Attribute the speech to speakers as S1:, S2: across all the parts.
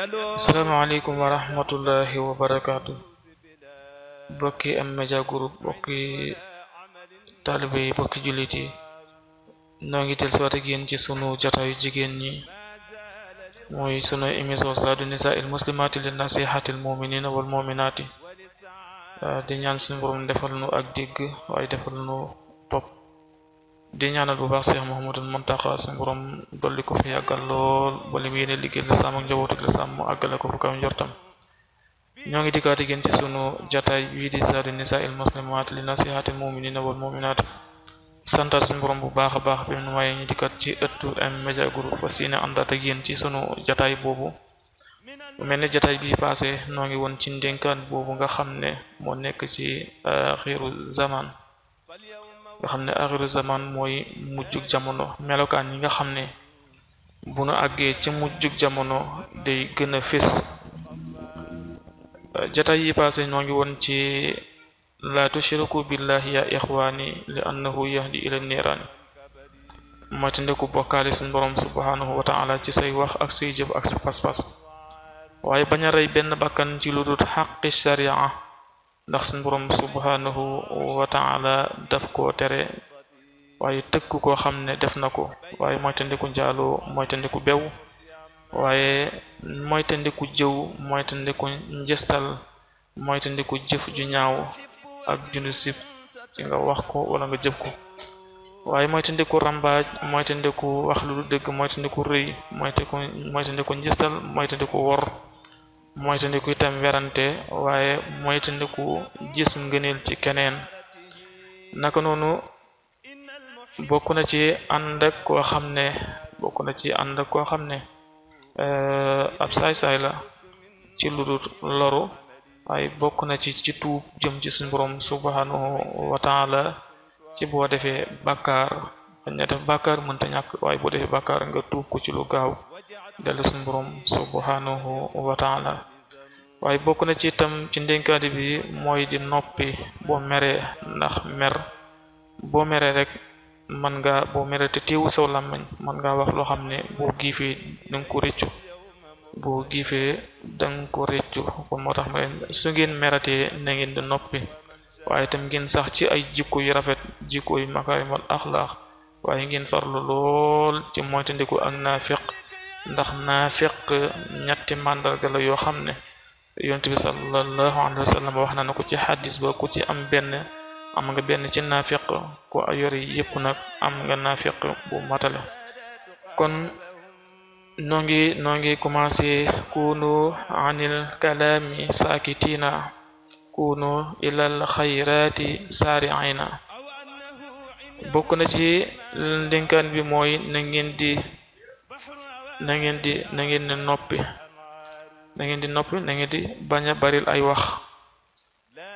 S1: asalaamaaleykum wa rahmatullahi wa barakaatu bokki am media group bokki taalibe yi bokki jullit yi noo ngi del siwaat ak ci sunu jataayu jigéen ñi mooy sunu émission saadu nisa il muslimaati li nasihati al muminina di ñaan suñu borom defal nu ak dégg waaye defal nu di ñaanal bu baax Cheikh Mouhamadul Mountakha suñu borom dolli ko fi yàggal lool ba li mu yéene liggéeyal la sàmm ak njaboot ak la sàmm àggale ko fu kaw njortam ñoo ngi dikkaat gën ci sunu jataay bii di zaadu nisaa il muslimaat li nasihaati muminina wal muminaat santaat suñu borom bu baax a baax bi mu waaye ñu dikkaat ci ëttu M Media Group fas yéene àndaat ak yéen ci sunu jataay boobu bu mel ne jataay bi passé noo ngi woon ci ndénkaan boobu nga xam ne moo nekk ci euh, xiiru zaman nga xam ne axiru zaman mooy mujjug jamono melokaan yi nga xam ne bu nu àggee ci mujjug jamono day gëna a fés jataay yi passé ñoo ngi woon ci la tushriku billahi ya ixwaani li annahu yahdi ila niiraani moyta ndeku bokkaale suñ borom subhanahu wa taala ci say wax ak say jëf ak sa pas-pas waaye bañ rey benn bakkan ci lu xaqi sharia ndax suñ borom subhanahu wa taala daf koo tere waaye tëkk koo xam ne def na ko waaye moytandiku njaaloo moytandiku bew waaye moytandiku jëw moytandiku njëstal moytandiku jëf ju ñaaw ak junu sib ci nga wax ko wala nga jëf ko waaye moytandiku rambaaj moytandiku wax lu dëgg moytandiku rëy moytandiku moytandiku njëstal moytandiku wor moytandiku itam werante waaye moytandiku gis ngëneel ci keneen naka noonu bokk na ci ànd ak koo xam ne bokk na ci ànd ak koo xam ne eh, ab saay-saay la ci lu dul loru waaye bokk na ci ci tuub jëm ci suñu borom subhanahu wa ci boo defee bàkkaar dañ ne def bàkkaar mënta ñàkk waaye boo defee bàkkaar nga tuub ko ci lu gaaw dellu suñu borom subhanahu wa taala waaye bokk na ci tam ci ndénkaati bi mooy di noppi boo meree ndax mer boo meree rek man nga boo meree te teewu saw làmmiñ man nga wax loo xam ne boo giifee danga ko rëccu boo giifee kon moo tax ma leen su ngeen meratee na ngeen di noppi waaye itam ngeen sax ci ay jikko yu rafet jikko yu makaarimal axlaax waaye ngeen farlu lool ci moytandiku ak naafiq ndax naafiq ñetti màndarga la yoo xam ne yonent bi na ne ko ci xadis ba ku ci am benn am nga benn ci naafiq ku yor yëpp nag am nga naafiq bu matale kon noo ngi noo ngi commencé kunu anil kalaami saakitiina kunu ilal xayraati saariina bokk na ci ndénkaan bi mooy na na ngeen di na ngeen di noppi na di noppi na di bañ a baril ay wax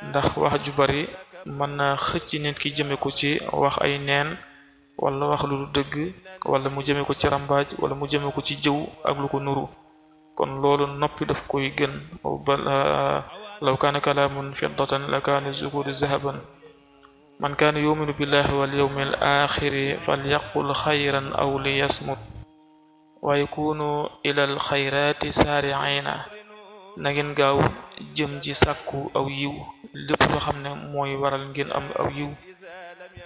S1: ndax wax ju bari mën na xëcc nit ki jëme ko ci wax ay neen wala wax lu dëgg wala mu jëme ko ci rambaaj wala mu jëme ko ci jëw ak lu ko nuru kon loolu noppi daf koy gën ah, law kaana kalaamun fiddatan la kaana zukudu zahaban man kaana yuminu billahi wal yawmil axiri falyaqul xayran aw liyasmut waaye kuunu ilal xayraati saariina na ngeen gaaw jëm ji sàkku aw yiw lépp loo xam ne mooy waral ngeen am aw yiw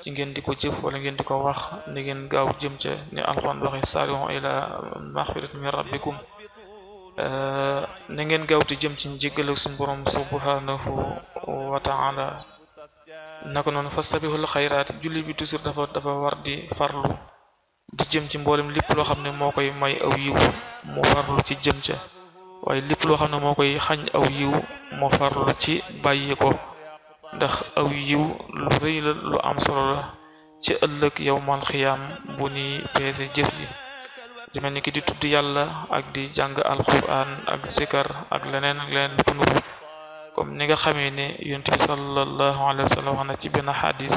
S1: ci ngeen di ko jëf wala ngeen di ko wax na ngeen gaaw jëm ca ni alxuraan waxe saariu ila maxfirati min rabbikum na ngeen gaaw te jëm ci njéggal ak suñu borom subhanahu wa taala naka noonu fastabihul xayraat julli bi toujours dafa dafa war di farlu di jëm ci mboolem lépp loo xam ne moo koy may aw yiw mu farlu ci jëm ca waaye lépp loo xam ne moo koy xañ aw yiw mu farlu ci bàyyi ndax aw yiw lu rëy lu am solo la ci ëllëg yowmal xiyaam bu ñuy peese jëf ji di mel ni ki di tudd yàlla ak di jàng alquran ak zikar ak leneen ak leneen lu ko nuru comme ni nga xamee ne yonent bi sallallahu alayhi wa sallam ci benn xadis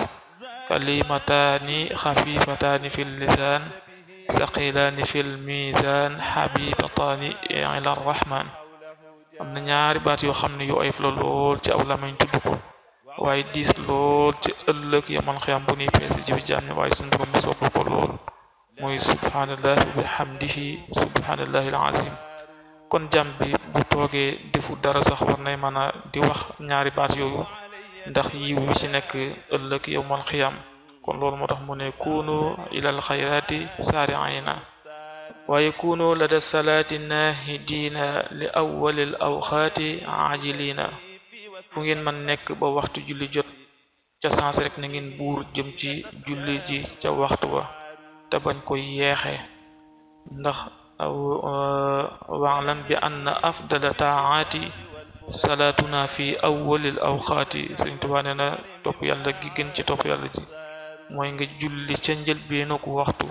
S1: kalimataani xafifataani fi lisaan saqilaani fi lmisaan xabibataani ila rahman am na ñaari baat yoo xam ne yu oyof la lool ci aw lamañ way ko waaye diis lool ci ëllëg yamal xiyam bu nuy peese jibi jaam ñi waaye suñ borom bu sopp lool mooy subhanallah wa bihamdihi subhanallahi alazim kon jàmm bi bu toogee defu dara sax war nay a di wax ñaari baat yooyu ndax yiw wi ci nekk ëllëg yowmal xiyam kon loolu moo tax mu ne kuunu ilal xayraati saariina waaye kuunu lada salaati naahidiina li awwalil awxaati ajiliina fu ngeen man nekk ba waxtu julli jot ca sens rek na ngeen buur jëm ci julli ji ca waxtu wa te bañ koy yeexe ndax waalam bi anna afdala taaati salaatuna fi awwalil awqaati Sëriñ Tuubaa nee na topp yàlla gi gën ci topp yàlla ji mooy nga julli ca njëlbéenu ku waxtu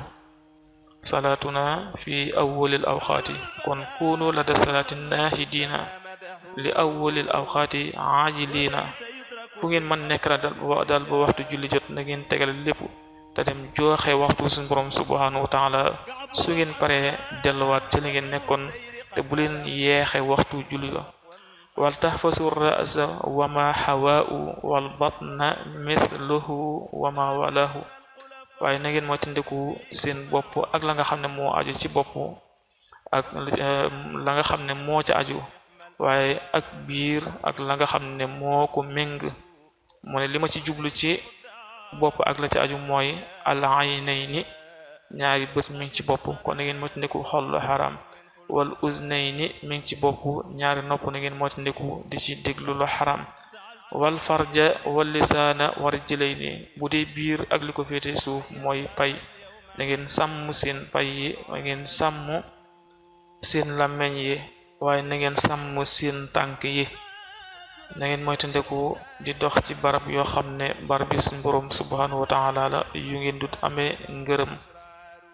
S1: salaatuna fi aw awqaati kon kuunu lada salaati naahidiina li aw awqaati aajiliina fu ngeen mën nekk la daal ba waxtu julli jot na ngeen tegal lépp te dem jooxe waxtu suñu borom subhaanahu wa taala su ngeen paree delluwaat ci li ngeen nekkoon te bu leen yeexe waxtu julli la wal taxfasu rasa wa ma xawaau wal batna mithluhu wa ma walahu waaye na ngeen moytandiku seen bopp ak la nga xam ne moo aju ci bopp ak eh, la nga xam ne moo ca aju waaye ak biir ak la nga xam ne moo ko méng mu ne li ma ci jublu ci bopp ak la ci aju mooy al aynayni ñaari bët mi ngi ci bopp kon na ngeen moytandiku xol xaram wal uznayni mi ngi ci boppu ñaari nopp na ngeen moytandiku di ci déglu lu xaram wal farja wal lisaana war jëlayni bu dee biir ak li ko suuf mooy pay na ngeen sàmm seen pay yi na ngeen sàmm seen làmmeñ yi waaye na ngeen sàmm seen tànk yi na ngeen moytandiku di dox ci barab yoo xam ne barab bi suñu boroom subhanahu wa yu ngeen dut amee ngërëm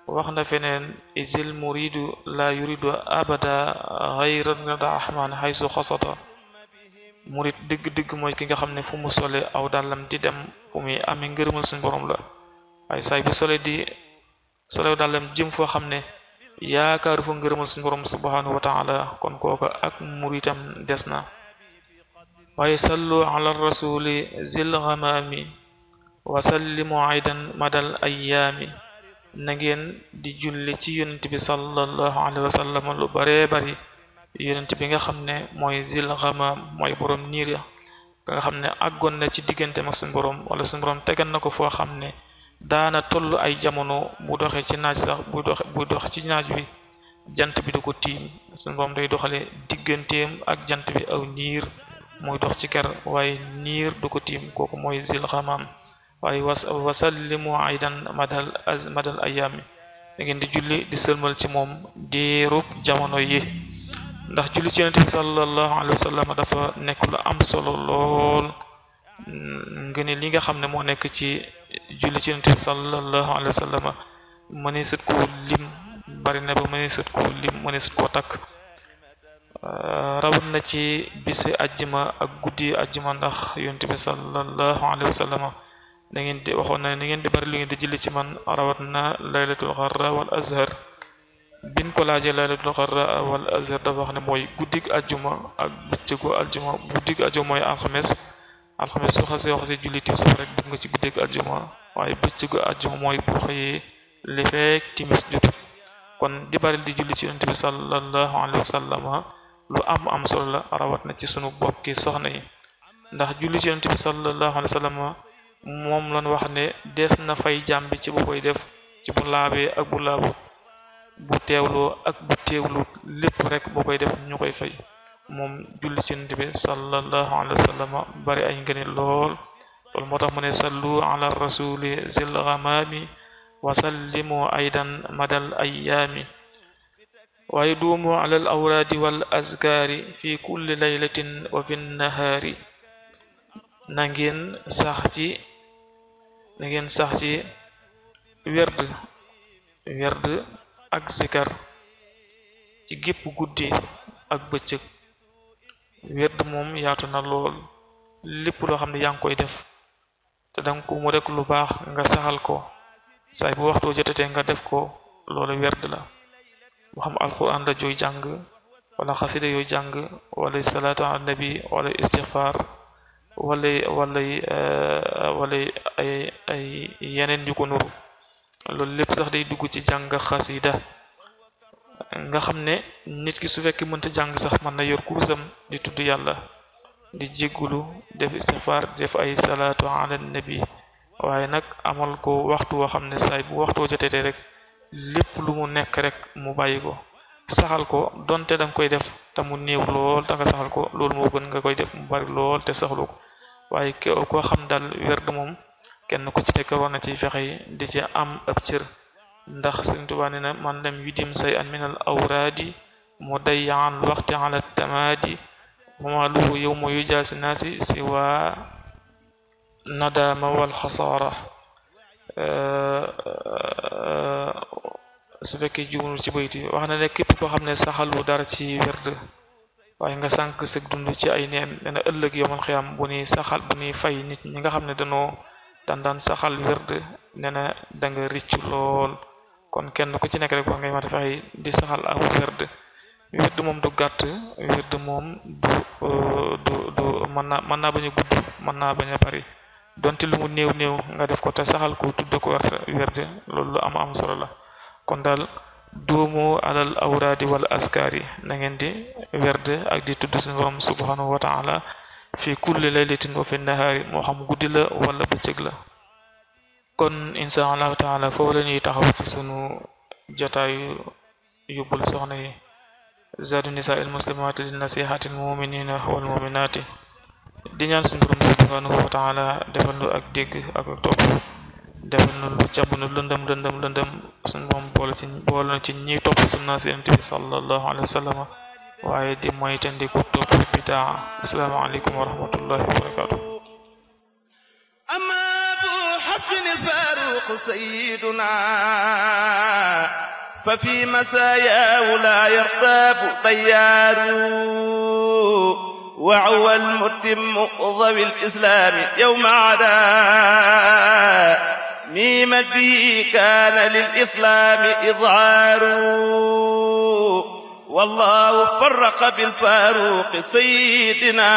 S1: wax na feneen isil muridu la yuridu abada xayra rahman xaysu xasata murid dëgg-dëgg moy ki nga xam ne fu mu sole aw dàllam di dem fu muy amee ngërëmal la waaye saay bu sole di solew dàllam jëm foo xam ne yaakaaru fa ngërëmal suñ borom subhanahu wa kon kooka ak muritam des na waaye sallu ala rasuli zil xamaami wa sallimu aydan madal ayyaami na ngeen di julli ci yonent bi sallallahu alayhi wa sallam lu bare bari yonent bi nga xam ne mooy zil xamaam mooy borom niir ya nga xam ne àggoon na ci diggante ak suñu boroom wala suñu borom tegal na ko foo xam ne daana toll ay jamono bu doxee ci naaj sax bu doxe bu dox ci naaj bi jant bi du ko tiim suñu borom day doxale digganteem ak jant bi aw niir muy dox ci ker waaye niir du ko tiim kooku mooy zil xamaam waaye was wasallimu aydan madal madal ayaami da ngeen di julli di sëlmal ci moom diirub jamono yi ndax julli ci yonent bi sallallahu alayhi dafa nekk lu am solo lool nga li nga xam ne moo nekk ci julli ci yonent bi sallallahu alayhi wa sallam sët koo lim bari na ba mënee sët koo lim mënee sët koo takk rawat na ci bisi ajjuma ak guddi ajjuma ndax yonent bi sallallahu alayhi na ngeen di waxoon na ne na ngeen di bari lu ngeen di julli ci man rawat na laylatul xarra wal azhar biñ ko laajee laylatul xarra wal azhar dafa ne mooy guddig ajjuma ak bëccëgu aljuma guddig ajjuma mooy alxames alxames su xasee waxasee julli timis nga ci guddig ajjuma waaye bëccëgu ajjuma mooy bu xëyee li feek timis di bari di julli ci yonent bi sallallahu alayhi wa lu am am solo la rawat na ci sunu bokki soxna yi ndax julli ci yonent bi sallallahu alayhi wa moom lan wax ne dees na fay jàmm ci bu koy def ci bu laabee ak bu laabut bu teewloo ak bu teewlut lépp rek bu koy def ñu koy fay moom julli ci Yonent bi sallallahu alayhi bari ay ngëneel lool loolu moo tax mu ne sallu ala rasuli zil ghamami wa sallimu aydan madal ayyaami wa yduumu ala al wal azkaari fi kulli laylatin wa fi nnahaari sax ci da sax ci werd ak sikar ci gépp guddi ak bëccëg werd moom yaatu na lool lépp loo xam ne yaa ngi koy def te danga ko mu rek lu baax nga saxal ko saay bu waxtu jotatee nga def ko loolu werd la mu xam alquran la jooy jàng wala xasida yooy jàng wala salaatu ala nabi wala istixfaar wala wala eh, wala ay ay yeneen yu nuru loolu lépp sax day dugg ci jàng xasida nga xam ne nit ki su fekkee mënta jàng sax man na yor kursam di tudd yàlla di jéggulu def istifaar def ay salaatu ala nabi waaye nag amal ko waxtu woo xam ne saay bu waxtoo jotee rek lépp lu mu nekk rek mu bàyyi ko saxal ko donte danga koy def te mu néew lool te nga saxal ko loolu moo gën nga koy def mu bari lool te saxlu ko waaye koo xam daal werd moom kenn ku ci nekk war na ci fexe di ci am ab cër ndax Sëriñ Tuubaa na man lam yudim say an minal awraadi mu dayyan waxti ala tamaadi mamaluhu yowma yujaasi naasi siwa nadaama wal xasaara su fekkee jumul ci baytu wax na ne képp koo xam ne saxalu dara ci werd waaye nga sànq sëg ci ay nen nee na ëllëg yomal xiyam bu ñuy saxal bu fay nit ñi nga xam ne danoo dandaan saxal wérd nee na nga ricc lool kon kenn ku ci nekk rek wax ngay mën a fexe di saxal aw wérd wérd moom du gàtt wérd moom du euh, du du mën na mën naa bañ gudd mën naa bañ a bari donte lumu mu néew néew nga def ko te saxal ko tudd ko wérd loolu lu am am solo la kon daal duumu alal awraadi wal askari na di werde ak di tudd seen borom subhanahu wa taala fi kulli laylatin wa fi nahaari moo xam guddi la wala bëccëg la kon insha allahu taala foofu la ñuy taxaw ci sunu jataayu yóbbul soxna yi zaadu nisa il muslimaati li nasihati al muminina wal muminaati di ñaan suñu borom subhanahu wa taala defal nu ak dégg ak topp defal na lu càbb na lëndëm lëndëm lëndëm suñ moom boole ci boole na ci ñiy topp sunna si yonent bi sallallahu alayhi wa sallam waaye di moytandiku topp bidaa asalaamaaleykum wa rahmatullahi wa barakaatu amma bu xabsin alfaruq sayiduna fa fi masayaahu laa yartaabu tayyaaru وعوى المتم ضوي الإسلام يوم عدا miima bi kaana lil islaami izhaaru wallaahu farraqa bil faaruqi sayyidina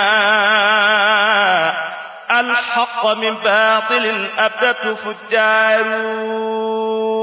S1: al haqqa min baatilin abdatu fujjaaru